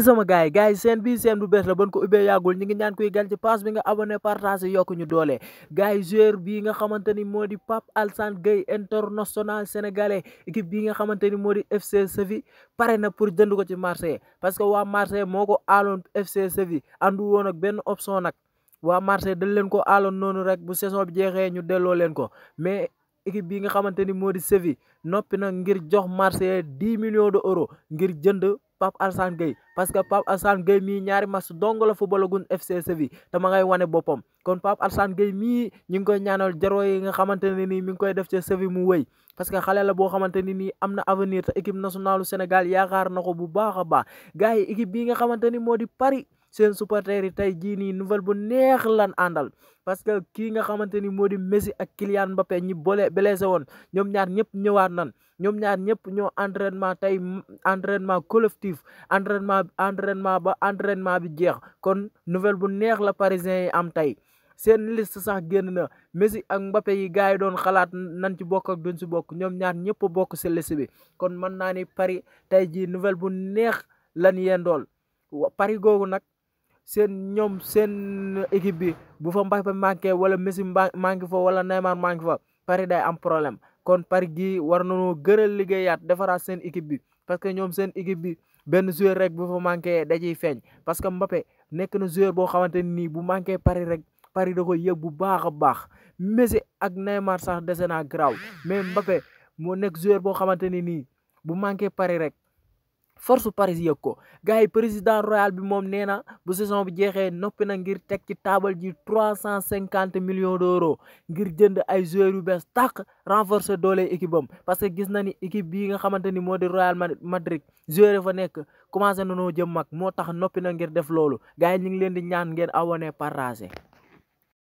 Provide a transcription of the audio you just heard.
sama gars yi gars yi seen bii seen bu bees la ban ko ubbee yàggul ñi ngi ñaan kuy gan ci pass bi nga abonné partage yokku ñu doole gars yi joueur bii nga xamante ni moo di Pape Alassane Gueye international sénégalais équipe bii nga xamante ni moo di FC Séville pare na pour jënd ko ci Marseille parce que waa Marseille moo ko aaloon FC Séville andu woon ak benn option nag waa Marseille dañ leen ko aaloon noonu rek bu saison bi jeexee ñu delloo leen ko mais équipe bi nga xamante ni moo di Séville noppi na ngir jox Marseille dix millions de euros ngir jënd Pape Alassane Gueye parce que Pape Alassane Gueye mii ñaari match dong la footballagun FC Séville te ma ngay wane boppam kon Pape Alassane Gueye mii ñu koy ñaanal jaroo yi nga xamante koy def ci mu wéy parce que xale la boo xamante am na avenir te équipe nationale Sénégal yaakaar na ko bu baax a baax gars yi équipe moo di Paris seen supporters yi tey jii nii nouvelle bu neex lan àndal parce que kii nga xamante ni moo di Messi a Kylian Mbappé ñi boole blessé woon ñoom ñaar ñëpp ñëwaat nan ñoom ñaar ñëpp ñoo entraînement tey entraînement collectif entraînement entraînement ba entraînement bi jeex kon nouvelle bu neex la parisien yi am tey seen list sax génn na Messi ak Mbappé yi gars yi doon xalaat nan ci bokk ak duñ ci bokk ñoom ñaar ñëpp bokk ci liste bi kon mën naa ni pari tey jii nouvelle bu neex lan yendool Paris googu nag seen ñoom seen équipe bi bu fa Mbappé manqué wala Messi manqué fa wala Neymar manqué fa Paris day am problème kon Paris gi war nañoo gëral liggéeyaat defaraat seen équipe bi parce que ñoom seen équipe bi benn joueur rek bu fa manqué da ciy feeñ parce que Mbappé nekk na joueur boo xamante nii bu manqué pari rek pari da koy yëg bu baax a baax Messi ak Neymar sax dese naa garaaw mais Mbappé moo nekk joueur boo xamante ni nii bu manqué pari rek force Paris yëg ko gars yi président royal bi moom nee na bu saison bi jeexee noppi na ngir teg ci taabal ji trois cent cinquante millions d'euros ngir jënd ay joueurs yu bees tàq renforcer doole équipe parce que gis na ni équipe bii nga xamante ni moo di Real Madrid joueur fa nekk commencé na noo jëm mag moo tax noppi na ngir def loolu gars yi ñu ngi leen di ñaan ngeen abonné partager